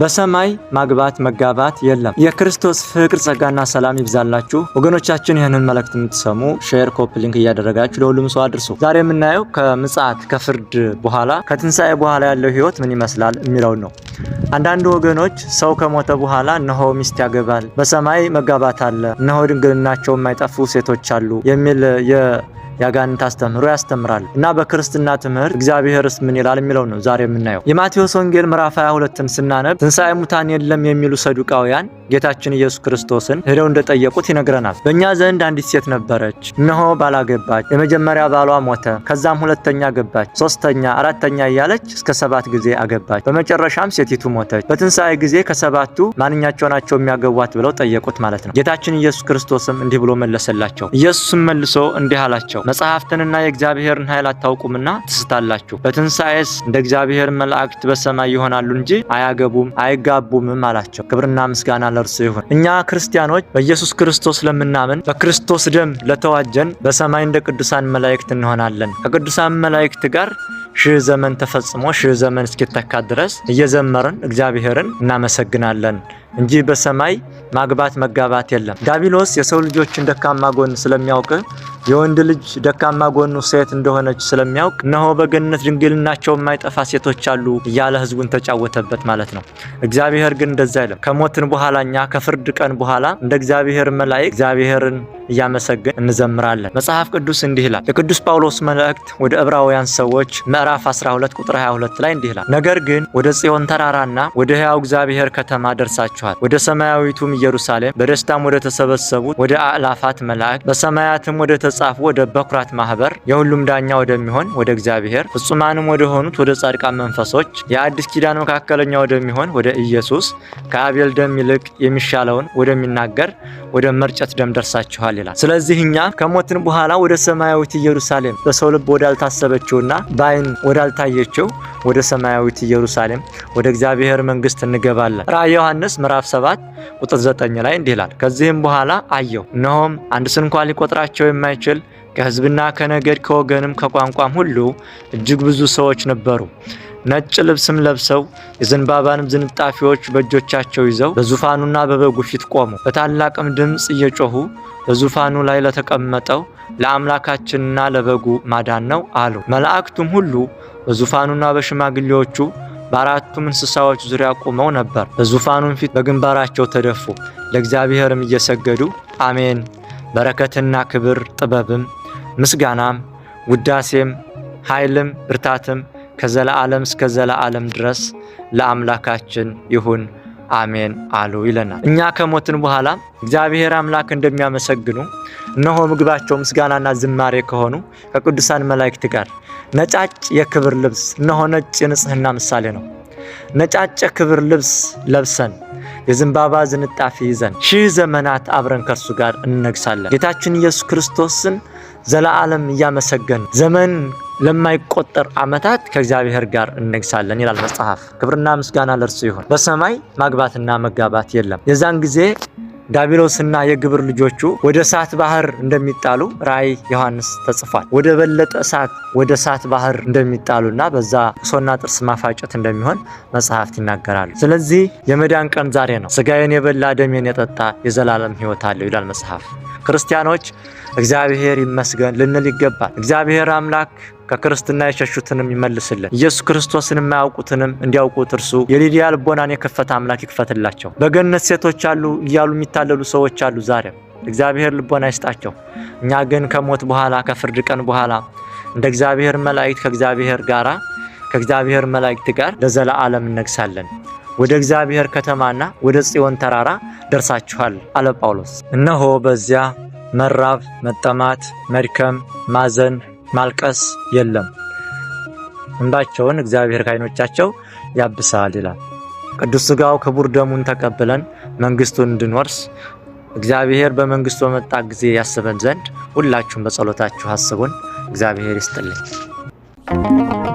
በሰማይ ማግባት መጋባት የለም። የክርስቶስ ፍቅር ጸጋና ሰላም ይብዛላችሁ ወገኖቻችን። ይህንን መልእክት የምትሰሙ ሼር፣ ኮፕ ሊንክ እያደረጋችሁ ለሁሉም ሰው አድርሱ። ዛሬ የምናየው ከምጽአት ከፍርድ በኋላ ከትንሣኤ በኋላ ያለው ህይወት ምን ይመስላል የሚለው ነው። አንዳንድ ወገኖች ሰው ከሞተ በኋላ እነሆ ሚስት ያገባል፣ በሰማይ መጋባት አለ፣ እነሆ ድንግልናቸው የማይጠፉ ሴቶች አሉ የሚል ያጋንንት አስተምህሮ ያስተምራል እና በክርስትና ትምህርት እግዚአብሔርስ ምን ይላል የሚለው ነው ዛሬ የምናየው። የማቴዎስ ወንጌል ምዕራፍ 22 ስናነብ ትንሣኤ ሙታን የለም የሚሉ ሰዱቃውያን ጌታችን ኢየሱስ ክርስቶስን ሄደው እንደጠየቁት ይነግረናል። በእኛ ዘንድ አንዲት ሴት ነበረች፣ እነሆ ባላገባች፣ የመጀመሪያ ባሏ ሞተ፣ ከዛም ሁለተኛ ገባች፣ ሶስተኛ፣ አራተኛ እያለች እስከ ሰባት ጊዜ አገባች፣ በመጨረሻም ሴቲቱ ሞተች። በትንሣኤ ጊዜ ከሰባቱ ማንኛቸው ናቸው የሚያገቧት ብለው ጠየቁት ማለት ነው። ጌታችን ኢየሱስ ክርስቶስም እንዲህ ብሎ መለሰላቸው። ኢየሱስም መልሶ እንዲህ አላቸው መጽሐፍትንና የእግዚአብሔርን ኃይል አታውቁምና ትስታላችሁ። በትንሣኤስ እንደ እግዚአብሔር መላእክት በሰማይ ይሆናሉ እንጂ አያገቡም አይጋቡምም አላቸው። ክብርና ምስጋና ለእርሱ ይሁን። እኛ ክርስቲያኖች በኢየሱስ ክርስቶስ ለምናምን በክርስቶስ ደም ለተዋጀን በሰማይ እንደ ቅዱሳን መላእክት እንሆናለን። ከቅዱሳን መላእክት ጋር ሺህ ዘመን ተፈጽሞ ሺህ ዘመን እስኪተካ ድረስ እየዘመርን እግዚአብሔርን እናመሰግናለን እንጂ በሰማይ ማግባት መጋባት የለም። ዲያብሎስ የሰው ልጆችን ደካማ ጎን ስለሚያውቅ የወንድ ልጅ ደካማ ጎኑ ሴት እንደሆነች ስለሚያውቅ እነሆ በገነት ድንግልናቸው የማይጠፋ ሴቶች አሉ እያለ ህዝቡን ተጫወተበት ማለት ነው። እግዚአብሔር ግን እንደዛ አይለም። ከሞትን በኋላ እኛ ከፍርድ ቀን በኋላ እንደ እግዚአብሔር መላይክ እግዚአብሔርን እያመሰግን እንዘምራለን። መጽሐፍ ቅዱስ እንዲህ ይላል። የቅዱስ ጳውሎስ መልእክት ወደ ዕብራውያን ሰዎች ምዕራፍ 12 ቁጥር 22 ላይ እንዲህ ይላል፣ ነገር ግን ወደ ጽዮን ተራራና ወደ ሕያው እግዚአብሔር ከተማ ደርሳችኋል፣ ወደ ሰማያዊቱም ኢየሩሳሌም በደስታም ወደ ተሰበሰቡት ወደ አእላፋት መላእክት በሰማያትም ወደ የተጻፉ ወደ በኩራት ማህበር የሁሉም ዳኛ ወደሚሆን ወደ እግዚአብሔር ፍጹማንም ወደሆኑት ወደ ጻድቃን መንፈሶች የአዲስ ኪዳን መካከለኛ ወደሚሆን ወደ ኢየሱስ ከአቤል ደም ይልቅ የሚሻለውን ወደሚናገር ወደ መርጨት ደም ደርሳችኋል ይላል። ስለዚህ እኛ ከሞትን በኋላ ወደ ሰማያዊት ኢየሩሳሌም በሰው ልብ ወዳልታሰበችውና በአይን ወዳልታየችው ወደ ሰማያዊት ኢየሩሳሌም ወደ እግዚአብሔር መንግስት እንገባለን። ራእየ ዮሐንስ ምዕራፍ 7 ቁጥር 9 ላይ እንዲህ ይላል፣ ከዚህም በኋላ አየሁ፣ እነሆም አንድ ስንኳ ሊቆጥራቸው የማይችል ከሕዝብና ከነገድ ከወገንም ከቋንቋም ሁሉ እጅግ ብዙ ሰዎች ነበሩ። ነጭ ልብስም ለብሰው የዘንባባንም ዝንጣፊዎች በእጆቻቸው ይዘው በዙፋኑና በበጉ ፊት ቆሙ። በታላቅም ድምፅ እየጮሁ በዙፋኑ ላይ ለተቀመጠው ለአምላካችንና ለበጉ ማዳን ነው አሉ። መላእክቱም ሁሉ በዙፋኑና በሽማግሌዎቹ በአራቱም እንስሳዎች ዙሪያ ቆመው ነበር። በዙፋኑም ፊት በግንባራቸው ተደፉ፣ ለእግዚአብሔርም እየሰገዱ አሜን፣ በረከትና ክብር፣ ጥበብም፣ ምስጋናም፣ ውዳሴም፣ ኃይልም፣ ብርታትም ከዘላዓለም እስከ ዘላዓለም ድረስ ለአምላካችን ይሁን አሜን አሉ ይለናል። እኛ ከሞትን በኋላ እግዚአብሔር አምላክ እንደሚያመሰግኑ እነሆ ምግባቸው ምስጋናና ዝማሬ ከሆኑ ከቅዱሳን መላእክት ጋር ነጫጭ የክብር ልብስ እነሆ ነጭ የንጽህና ምሳሌ ነው። ነጫጭ የክብር ልብስ ለብሰን የዘንባባ ዝንጣፊ ይዘን ሺህ ዘመናት አብረን ከእርሱ ጋር እንነግሳለን። ጌታችን ኢየሱስ ክርስቶስን ዘለዓለም እያመሰገን ዘመን ለማይቆጠር ዓመታት ከእግዚአብሔር ጋር እንነግሳለን ይላል መጽሐፍ። ክብርና ምስጋና ለእርሱ ይሁን። በሰማይ ማግባትና መጋባት የለም። የዛን ጊዜ ዳቢሎስና የግብር ልጆቹ ወደ እሳት ባህር እንደሚጣሉ ራእይ ዮሐንስ ተጽፏል። ወደ በለጠ እሳት ወደ እሳት ባህር እንደሚጣሉና በዛ ሶና ጥርስ ማፋጨት እንደሚሆን መጽሐፍት ይናገራሉ። ስለዚህ የመዳን ቀን ዛሬ ነው። ስጋዬን የበላ ደሜን የጠጣ የዘላለም ህይወት አለው ይላል መጽሐፍ። ክርስቲያኖች እግዚአብሔር ይመስገን ልንል ይገባል። እግዚአብሔር አምላክ ከክርስትና የሸሹትንም ይመልስልን። ኢየሱስ ክርስቶስን የማያውቁትንም እንዲያውቁት እርሱ የሊዲያ ልቦናን የከፈተ አምላክ ይክፈትላቸው። በገነት ሴቶች አሉ እያሉ የሚታለሉ ሰዎች አሉ ዛሬም እግዚአብሔር ልቦና ይስጣቸው። እኛ ግን ከሞት በኋላ ከፍርድ ቀን በኋላ እንደ እግዚአብሔር መላእክት ከእግዚአብሔር ጋራ ከእግዚአብሔር መላእክት ጋር ለዘላለም እነግሳለን። ወደ እግዚአብሔር ከተማና ወደ ጽዮን ተራራ ደርሳችኋል አለ ጳውሎስ። እነሆ በዚያ መራብ፣ መጠማት፣ መድከም፣ ማዘን ማልቀስ የለም፣ እንባቸውን እግዚአብሔር ከዓይኖቻቸው ያብሳል ይላል። ቅዱስ ሥጋው ክቡር ደሙን ተቀብለን መንግስቱን እንድንወርስ እግዚአብሔር በመንግስቱ በመጣ ጊዜ ያስበን ዘንድ ሁላችሁም በጸሎታችሁ አስቡን። እግዚአብሔር ይስጥልኝ።